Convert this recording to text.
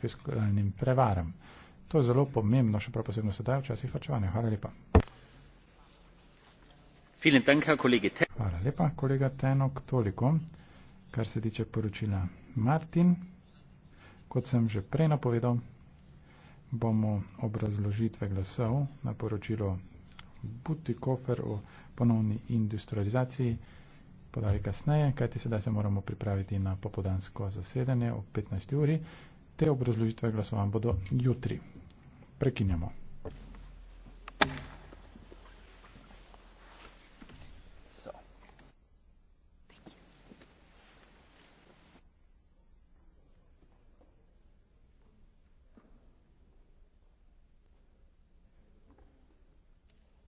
fiskalnim prevaram. To je zelo pomembno, še prav posebno sedaj v časih plačevanja. Hvala lepa. Hvala lepa, kolega Tenok, toliko, kar se tiče poročila Martin. Kot sem že prej napovedal, bomo obrazložitve glasov na poročilo Butikofer o ponovni industrializaciji podali kasneje, kajti sedaj se moramo pripraviti na popodansko zasedanje o 15. uri te obrazložitve glasovanj bodo jutri. Prekinjamo.